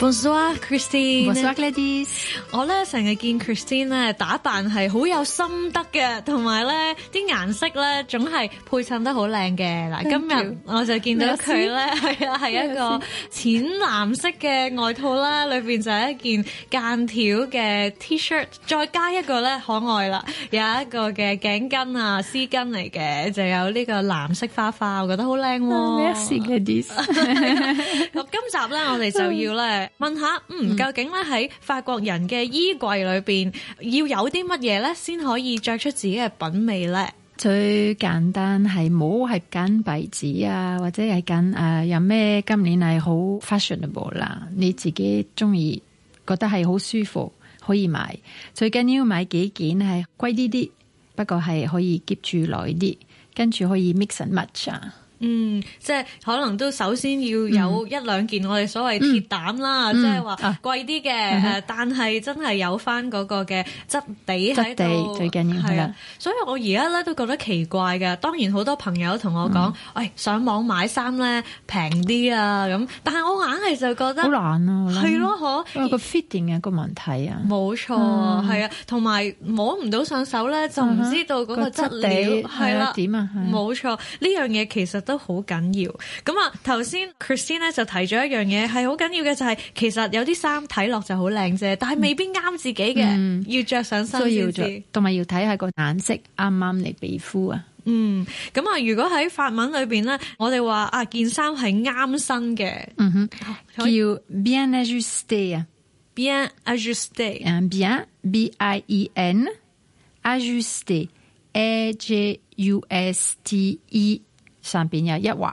Bonsoir Christine，Bonsoir ladies，我咧成日見 Christine 咧打扮係好有心得嘅，同埋咧啲顏色咧總係配襯得好靚嘅。嗱，今日我就見到佢咧係啊係一個淺藍色嘅外套啦，裏邊就係一件間條嘅 T-shirt，再加一個咧可愛啦，有一個嘅頸巾啊絲巾嚟嘅，就有呢個藍色花花，我覺得好靚。Bonjour ladies，咁今集咧我哋就要咧。問下，嗯，究竟咧喺法國人嘅衣櫃裏邊、嗯、要有啲乜嘢咧，先可以着出自己嘅品味咧？最簡單係冇係揀牌子啊，或者係揀誒有咩今年係好 fashionable 啦、啊，你自己中意覺得係好舒服可以買。最緊要買幾件係貴啲啲，不過係可以 keep 住耐啲，跟住可以 mix and match 啊。嗯，即係可能都首先要有一兩件我哋所謂鐵膽啦，即係話貴啲嘅誒，但係真係有翻嗰個嘅質地喺度，最緊要係啊，所以我而家咧都覺得奇怪嘅。當然好多朋友同我講，誒，上網買衫咧平啲啊咁，但係我硬係就覺得好難啊，係咯，嗬，因為個 fitting 嘅一個問題啊，冇錯，係啊，同埋摸唔到上手咧，就唔知道嗰個質地係啦點啊，冇錯呢樣嘢其實。都好緊要咁啊。頭先 Christine 咧，就提咗一樣嘢，係好緊要嘅，就係、是,其實有啲衫睇落就好靚啫,但係未必啱自己嘅，嗯、要着上身先知,同埋要睇下個顏色啱唔啱你皮膚啊。嗯，咁啊,如果喺法文裏邊咧，我哋話啊件衫係啱身嘅，我要 bien ajuster，bien ajuster，嗯，bien，b i e n，ajuster，a j u s t e。上邊有一畫。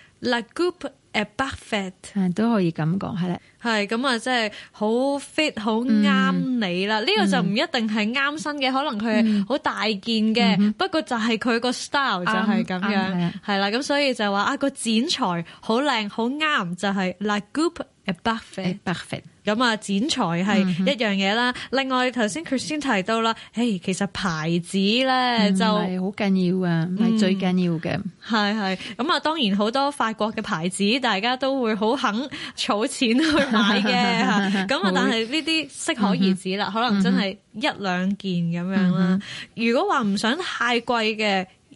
Lagoup à Buffet 都可以咁講，係啦，係咁啊，即係好 fit，好啱你啦。呢、嗯、個就唔一定係啱身嘅，可能佢好大件嘅，嗯、不過就係佢個 style、嗯、就係咁樣，係啦、嗯，咁所以就話啊個剪裁好靚，好啱，就係、是、Lagoup。誒，f 肥包 t 咁啊剪裁係一樣嘢啦。Mm hmm. 另外，頭先 r 佢先提到啦，誒，其實牌子咧、mm hmm. 就好緊、mm hmm. 要啊，唔係最緊要嘅，係係、mm。咁、hmm. 啊，當然好多法國嘅牌子，大家都會好肯儲錢去買嘅吓。咁啊，但係呢啲適可而止啦，mm hmm. 可能真係一兩件咁樣啦。Mm hmm. 如果話唔想太貴嘅。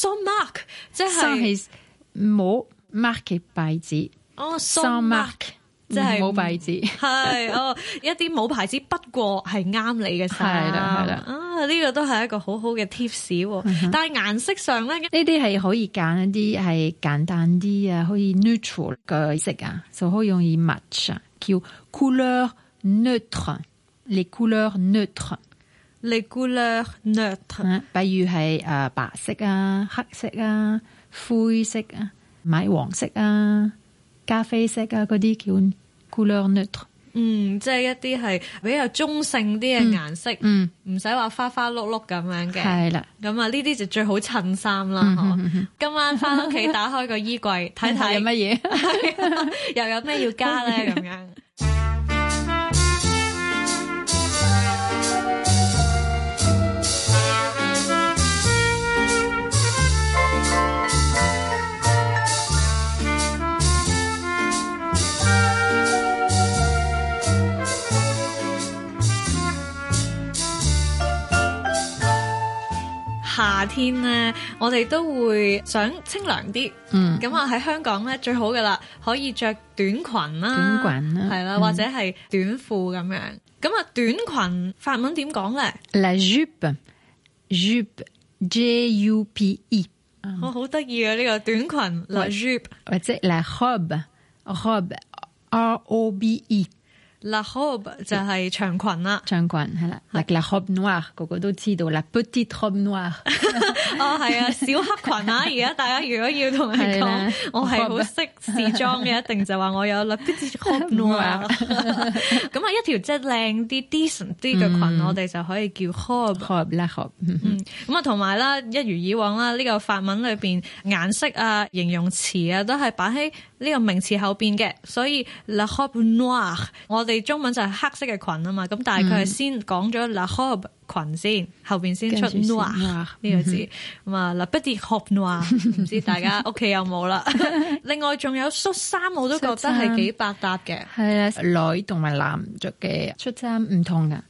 so mark 即係冇 mark 牌子，哦，so mark 即係冇牌子，係哦，一啲冇牌子不過係啱你嘅衫，係啦係啦啊，呢個都係一個好好嘅 tips 喎。但係顏色上咧，呢啲係可以揀一啲係簡單啲啊，可以 neutral 嘅色噶，就好容易 match 叫 couleur neutre，les couleurs neutre。你 couleur neutre，比如係誒白色啊、黑色啊、灰色啊、米黃色啊、咖啡色啊嗰啲叫 couleur neutre。嗯，即、就、係、是、一啲係比較中性啲嘅顏色，唔使話花花碌碌咁樣嘅。係啦了，咁啊呢啲就最好襯衫啦。嗯嗯嗯嗯，今晚翻屋企打開個衣櫃睇睇有乜嘢， 又有咩要加咧咁樣。 夏天咧，我哋都會想清涼啲，嗯，咁我喺香港咧最好嘅啦，可以着短裙，啊短裙啊、啦，短，嗯、短裙啦，係啦，或者係短褲咁樣，咁啊短裙法文點講咧？La jupe，jupe，j u p e，我、哦、好得意啊呢、這個短裙，la jupe，或者 la robe, robe, o b e robe，r o b e。La robe 就係長裙啦，長裙係啦。La robe noire，個個都知道啦。Petite robe noire，哦，係啊，小黑裙啊。而家大家如果要同我講，我係好識時裝嘅，一定就話我有 la petite robe noire。咁啊，一條即係靚啲、decent 啲嘅裙，我哋就可以叫 robe。robe, la robe。咁啊，同埋啦，一如以往啦，呢個法文裏邊顏色啊、形容詞啊，都係擺喺呢個名詞後邊嘅，所以 la robe noire，我哋。中文就係黑色嘅裙啊嘛，咁但係佢係先講咗 la robe 裙先，面先，noir, 先，後邊先出 nuage 呢個字，咁啊 la petite nuage 唔知大家屋企有冇啦。 另外仲有恤衫，我都覺得係幾百搭嘅。係啊服，的女，女同埋男著嘅恤衫唔同啊，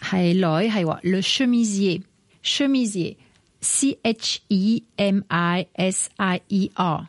係女係話 le chemisier, chemisier, c h、e、m i s i e r m e c h e r。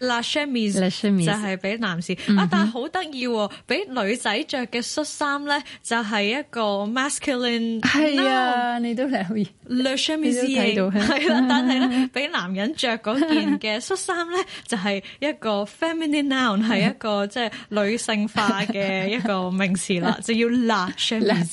la chemise 就係俾男士啊，但係好得意喎，俾女仔著嘅恤衫咧，就係一個 masculine。係啊，你都了然。你都睇到係。係啦，但係咧，俾男人著嗰件嘅恤衫咧，就係一個 feminine noun，係一個即係女性化嘅一個名詞啦，就要 la chemise。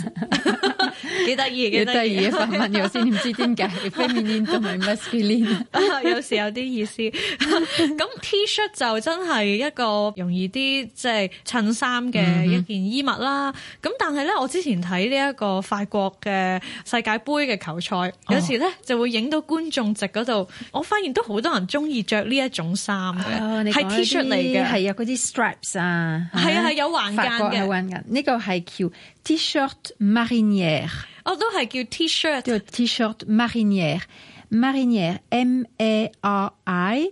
幾得意，幾得意。問我先，唔知點解 feminine 同埋 masculine。有時有啲意思。咁。T-shirt 就真係一個容易啲，即係襯衫嘅一件衣物啦。咁、mm hmm. 但係咧，我之前睇呢一個法國嘅世界杯嘅球賽，有、oh. 時咧就會影到觀眾席嗰度，我發現都好多人中意着呢一種衫嘅，係、oh, T 恤嚟嘅，係有嗰啲 stripes 啊。係啊係有橫間嘅。法國係橫間。呢、這個係叫 T-shirt mariniere。我 mar、哦、都係叫 T-shirt。T-shirt mariniere。Mar mar ere, m a r i n e m a r i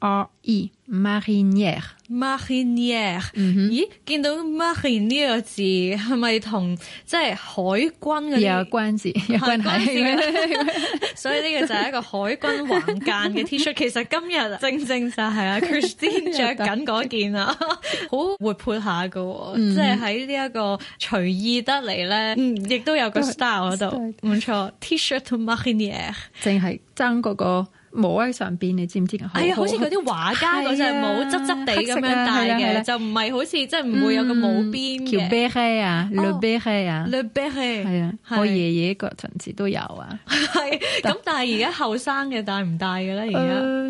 R E Marinier，Marinier，咦？見到 Marin 呢個字係咪同，即係海軍嘅有關字？有關係，所以呢個就係一個海軍橫間嘅 T-shirt。其實今日正正就係阿 Christine 先着緊嗰件啊，好活潑下嘅，即係喺呢一個隨意得嚟，咧，亦都有個 style 喺度，冇錯。T-shirt to Marinier，淨係爭嗰個。帽喺上邊，你知唔知啊？好似嗰啲畫家嗰隻帽，側側地咁樣戴嘅，就唔係好似即係唔會有個帽邊嘅。叫 Beret 啊，Le Beret 啊，Le Beret 係啊，我爺爺嗰陣時都有啊。係，咁但係而家後生嘅戴唔戴嘅咧？而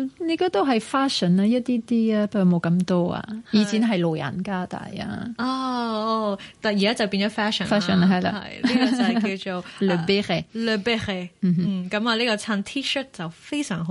家你覺得都係 fashion 啊，一啲啲啊，不過冇咁多啊。以前係老人家戴啊。哦，但而家就變咗 fashion，fashion 係啦。係呢個就係叫做 Le Beret，Le Beret。嗯，咁啊呢個襯 T-shirt 就非常好。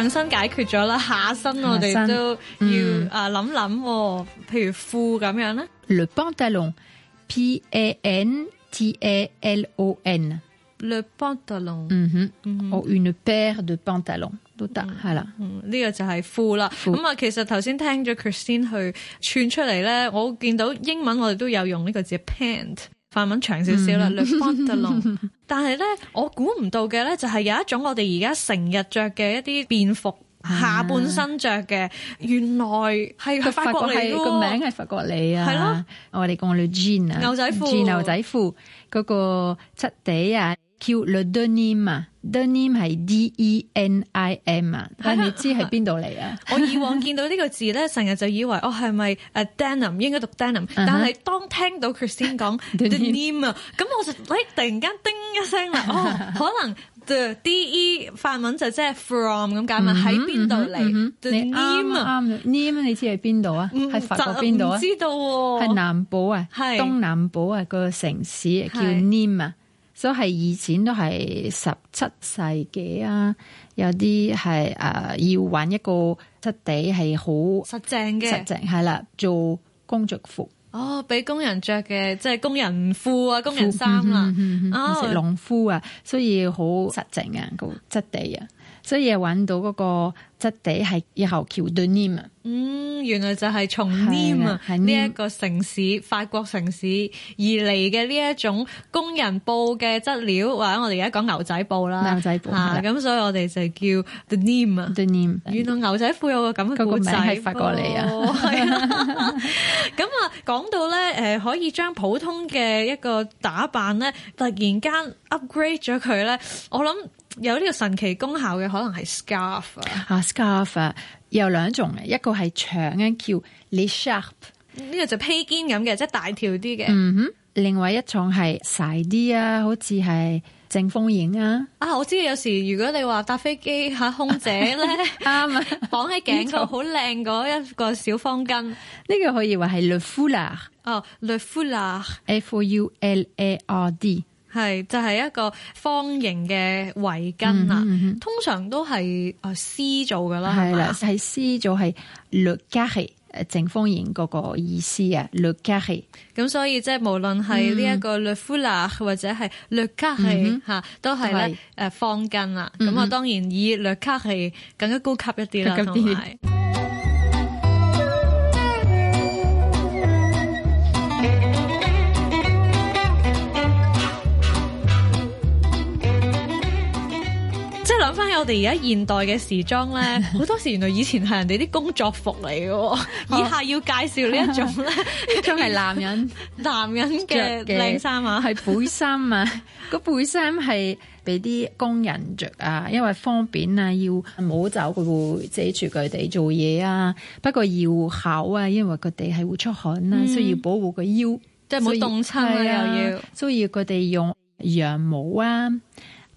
上身解決咗啦，下身我哋都要諗諗喎，譬、啊嗯、如褲咁樣咧。Le pantalon, p a n t a l o n。T a l、o n Le pantalon。嗯哼。嗯哼哦，一對褲。褲啦樣。咁啊，其實頭先聽咗 Christine 去串出嚟呢，我見到英文我哋都有用呢個字，pant。法文長少少啦，le pantalon。但係咧，我估唔到嘅咧，就係有一種我哋而家成日着嘅一啲便服，下半身着嘅，原來係法國嚟嘅。個名係法國嚟啊，我哋講到 jean 啊，牛仔褲，jean 牛仔褲，嗰個質地啊，叫 le denim 啊。The name 係 D E N I M 啊，但係你知喺邊度嚟啊？我以往見到呢個字咧，成日就以為，哦係咪誒 Denim 應該讀 Denim，但係當聽到 Christine 講 the name 啊，咁我就咧突然間叮一聲啦，哦，可能 the D E 法文就即係 from 咁解問？喺邊度嚟？The name 啊，name 你知喺邊度啊？喺法國邊度啊？知道喎，喺南部啊，東南部啊個城市叫 Nim 啊。都係以，以前都係十七世紀啊，有啲係誒要揾一個質地係好實淨嘅，實淨係啦，做工作褲，哦，俾工人着嘅，即係工人褲啊，工人衫啊，食、嗯嗯哦、農夫啊，所以好實淨啊，個質地啊。所以揾到嗰個質地係以後橋 Denim 呢？嗯，原來就係從 Nim 啊呢一個城市法國城市而嚟嘅呢一種工人布嘅質料，或者我哋而家講牛仔布啦，牛仔布咁、啊、的所以我哋就叫 Denim 啊。Denim，原來牛仔褲有個咁嘅故事。嗰個名係法國嚟啊。係啊是的。咁 啊， 講到咧，誒可以將普通嘅一個打扮咧，突然間 upgrade 咗佢咧，我諗。有呢個神奇功效嘅可能係 scarf 啊、ah,，scarf、啊、有兩種嘅，一個係長嘅叫 l'écharpe 呢個就披肩咁嘅，即係大條啲嘅。嗯哼，另外一種係細啲啊，好似係正方形啊。啊，我知道有時如果你話搭飛機吓空姐咧，啱啊，綁喺頸度好靚嗰一個小方巾，呢 個可以話係 le foulard。哦、oh,，le foulard，l e f、o、u l a r d。係就係、是、一個方形嘅圍巾啊，嗯嗯嗯、通常都係絲絲做噶啦，係咪、嗯？係絲吧做係 le carré，誒正方形嗰個意思啊，le carré，咁所以即係無論係呢一個 le、嗯、foulard 或者係 le carré 吓，都係咧誒方巾啊。咁啊、嗯，當然以 le carré 更加高級一啲啦，同埋。講翻我哋而家現代嘅時裝咧，好多時原來以前係人哋啲工作服嚟喎。 以下要介紹呢一種咧，一種係男人 男人嘅靚衫啊，係背心啊。個 背心係俾啲工人着啊，因為方便啊，要冇走佢會遮住佢哋做嘢啊。不過要考啊，因為佢哋係會出汗啦，需要保護個腰，即係冇凍親啊，又要，所以佢哋用羊毛啊。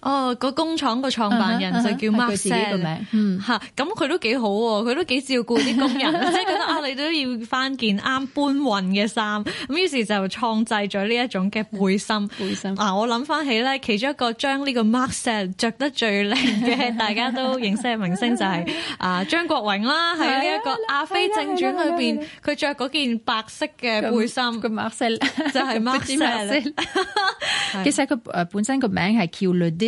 哦，個工廠個創辦人就叫 Marcel 個名，嗯，吓，嚇咁佢都幾好，佢都幾照顧啲工人，即係覺得啊，你都要翻件啱搬運嘅衫，咁於是就創製咗呢一種嘅背心。背心啊，我諗翻起咧，其中一個將呢個 Marcel 著得最靚嘅、大家都認識嘅明星就係啊張國榮啦。喺呢一個阿飛正傳裏邊，佢着嗰件白色嘅背心嘅 Marcel，就係 Marcel。其實佢誒本身個名係叫雷啲。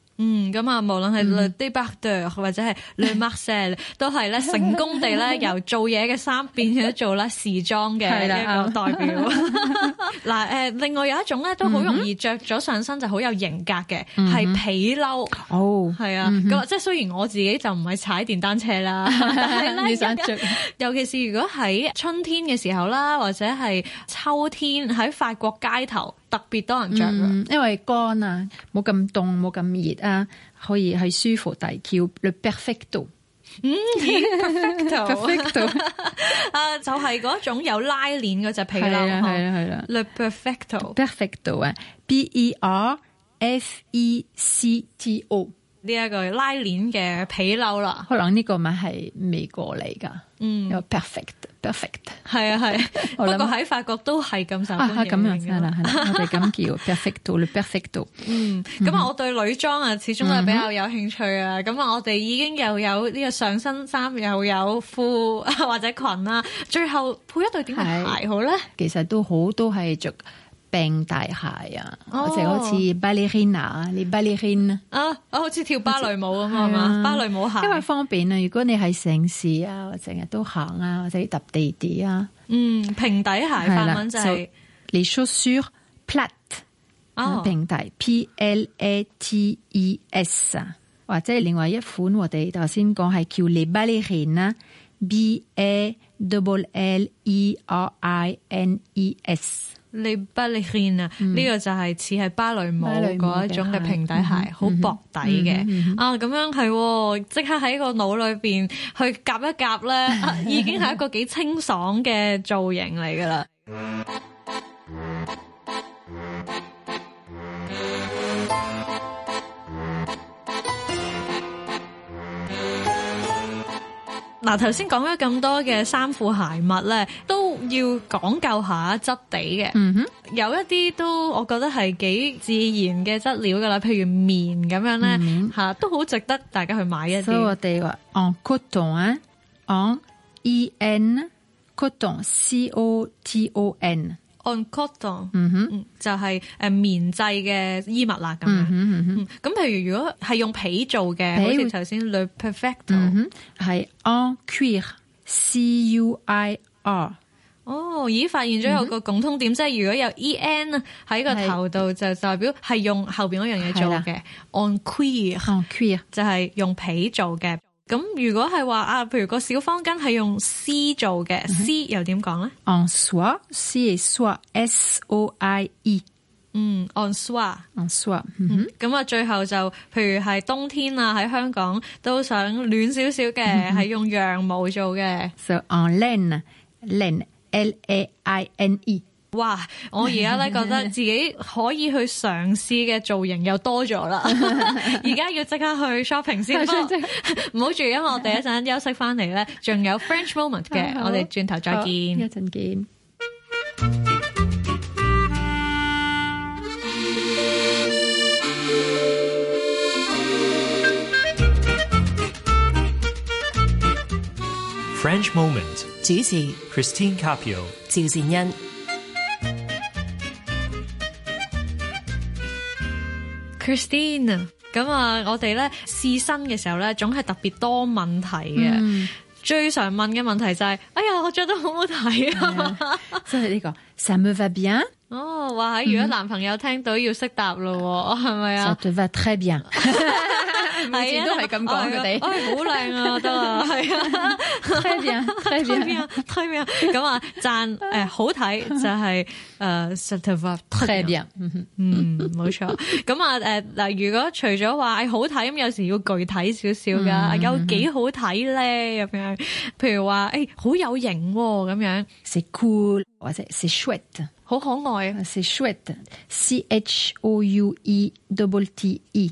嗯，咁啊，無論係 le débardeur 或者係 le Marcel 都係咧成功地咧由做嘢嘅衫變咗做啦時裝嘅一個代表。嗱 另外有一種咧都好容易着咗上身就好有型格嘅，係、mm hmm. 皮褸。哦，係啊，咁即係雖然我自己就唔係踩電單車啦， 但係咧呢 穿，尤其是如果喺春天嘅時候啦，或者係秋天喺法國街頭。特別多人着啦，嗯，因為乾啊，冇咁凍，冇咁熱啊，可以係舒服，但叫 Perfecto，嗯、，Perfecto ，Perfecto o，啊， 就係嗰種有拉鏈嗰隻皮褸，係啦係啦 Perfecto Perfecto 啊，B E R F E C T O 呢一個拉鏈嘅皮褸啦，可能呢個咪係美國嚟噶，嗯，perfect。perfect 係啊係，啊 到不過喺法國都係咁受歡迎㗎啦、啊，我哋咁叫 perfecto，perfecto。 perfecto，嗯，咁啊，我對女裝啊始終係比較有興趣啊。咁啊，我哋已經又有呢個上身衫，又有，有褲或者裙啦、啊。最後配一對點嘅鞋好咧？其實都好都係着。平底鞋啊，哦、或者好似 ballerine 啊，你 ballerines 啊，啊，好似跳芭蕾舞咁啊嘛，芭蕾舞鞋，因為方便啊。如果你喺城市啊，或成日都行啊，或者搭地鐵啊，嗯，平底鞋法文就係 les chaussures plate 平底 p l a t e s 啊，或者另外一款我哋頭先講係叫 les ballerines、er、b a l, l e r i n e s。Les ballerines 啊？呢、er 嗯、個就係似係芭蕾舞嗰一種嘅平底鞋，好、嗯、哼薄底嘅、嗯嗯、啊！咁樣係，即、啊、刻喺個腦裏邊去夾一夾咧、 啊，已經係一個幾清爽嘅造型嚟㗎喇。 嗱，頭先講咗咁多嘅衫褲鞋襪咧，都要講究下質地嘅。嗯哼，有一啲都我覺得係幾自然嘅質料噶啦，譬如棉咁樣咧，嗯、哼都好值得大家去買嘅。啲、so，所以我哋二個 en cotton en cotton c o t o n。on cotton，嗯哼就係誒棉製嘅衣物啦，咁樣、嗯哼。咁、嗯嗯、譬如如果係用皮做嘅，hey, 好似頭先 le perfecto，係 on、嗯、cuir，c u i r。哦，咦，發現咗有個共通點，嗯、哼即係如果有 e n 喺個頭度，是就代表係用後邊嗰樣嘢做嘅。on cuir，on cuir，就係用皮做嘅。咁如果係話啊，譬如個小方巾係用絲做嘅，絲又點講咧？En soie，絲係 soie，S-O-I-E。嗯，en soie，en soie。咁啊，最後就譬如係冬天啊，喺香港都想暖少少嘅，係用羊毛做嘅，就 en laine，laine，L-A-I-N-E。哇！我而家咧，覺得自己可以去嘗試嘅造型又多咗啦，而家要即刻去 shopping 先。唔好住，因為我哋一陣休息翻嚟咧，仲有 French moment 嘅，我哋轉頭再見，一陣見。French moment 主持 Christine Capio 趙善恩。c h r i s t i n e Christine 咁啊，我哋咧試身嘅時候咧，總係特別多問題嘅。嗯、最常問嘅問題就係、是，哎呀，我着得好好睇啊？呢、嗯 這個，Ça me va bien 哦，哇，如果男朋友聽到要識答咯，係咪、mm hmm. 啊？Ça te va très bien 係啊，都係咁講嘅，好靚啊，得啊係啊，睇邊啊，睇邊啊，睇邊啊，咁啊讚，誒好睇就係誒 set up，睇邊啊，嗯冇錯，咁啊誒嗱，如果除咗話好睇，咁有時要具體少少噶，有幾好睇咧咁樣，譬如話誒好有型咁樣，係 cool 或者係 chouette 好可愛，係 c h o u e double t e。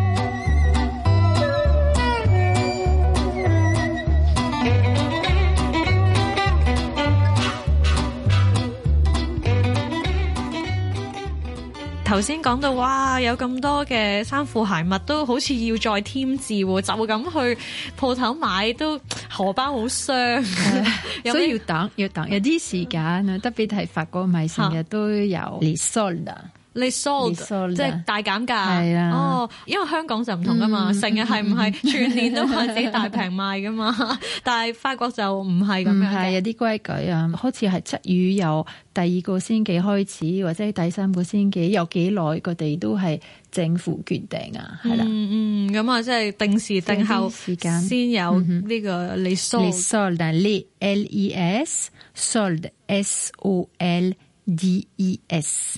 頭先講到哇，有咁多嘅衫褲鞋襪都好似要再添置，就咁去鋪頭買都荷包好傷，所以要等要等有啲時間啊，特別係法國咪成日都有。啊你 Le sold 即係 sold、e. 大減價哦，啊 oh，因為香港就唔同噶嘛，成日係唔係全年都靠自己大平賣噶嘛。 但係法國就唔係咁樣嘅，係有啲規矩啊。好似係七月由第二個星期開始，或者第三個星期有幾耐個地都係政府決定啊，係啦、嗯，嗯嗯，咁啊，即係定時定後定時先有呢、這個你 sold 但 l l s sold s o l d e s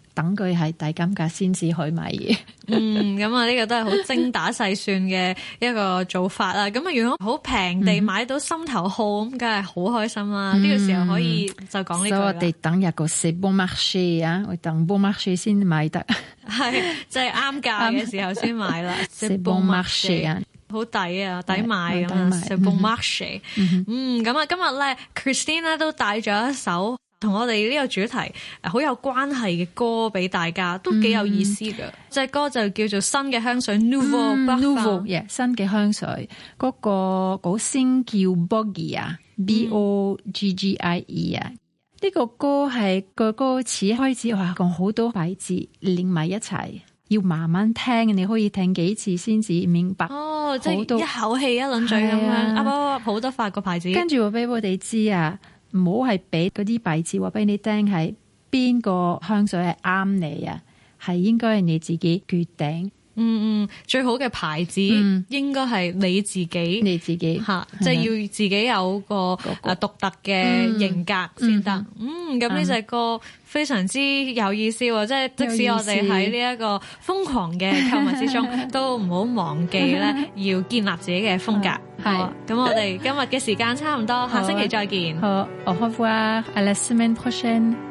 等佢係抵金價先至去買嘢，嗯，咁啊呢個都係好精打細算嘅一個做法啦。咁啊，如果好平地買到心頭好咁，梗係好開心啦。呢個時候可以就講呢句，所以我哋等一個 c'est bon marché 啊，我等 bon marché 先買得，係即係啱價嘅時候先買啦。c'est bon marché 啊，好抵啊，抵買咁啊。c'est bon marché，嗯咁啊，今日咧 Christine 呢都帶咗一首。同我哋呢個主題好有關係嘅歌俾大家，都幾有意思㗎。隻、嗯、歌就叫做新嘅香水 （New、嗯、花 n o r l d 新嘅香水嗰、那個先、那個、星叫 Boggie 啊，B, gie, B O G G I E 啊。呢、嗯、個歌係、那個歌詞開始話講好多牌子、哦、連埋一齊，要慢慢聽，你可以聽幾次先至明白多。哦，即係一口氣一輪嘴咁樣，多啊，好、啊啊、多法國牌子。跟住我俾我哋知啊。唔好係畀嗰啲牌子話畀你聽，係邊個香水係啱你啊？係應該係你自己決定。嗯嗯，最好嘅牌子應該係你自己，嗯啊、你自己嚇，即係要自己有個誒獨特嘅型格先得，嗯。嗯，咁呢隻歌非常之有意思喎，即係、嗯、即使我哋喺呢一個瘋狂嘅購物之中，都唔好忘記咧，要建立自己嘅風格。係、啊，咁我哋今日嘅時間差唔多，下星期再見。好，Au revoir，à la semaine prochaine。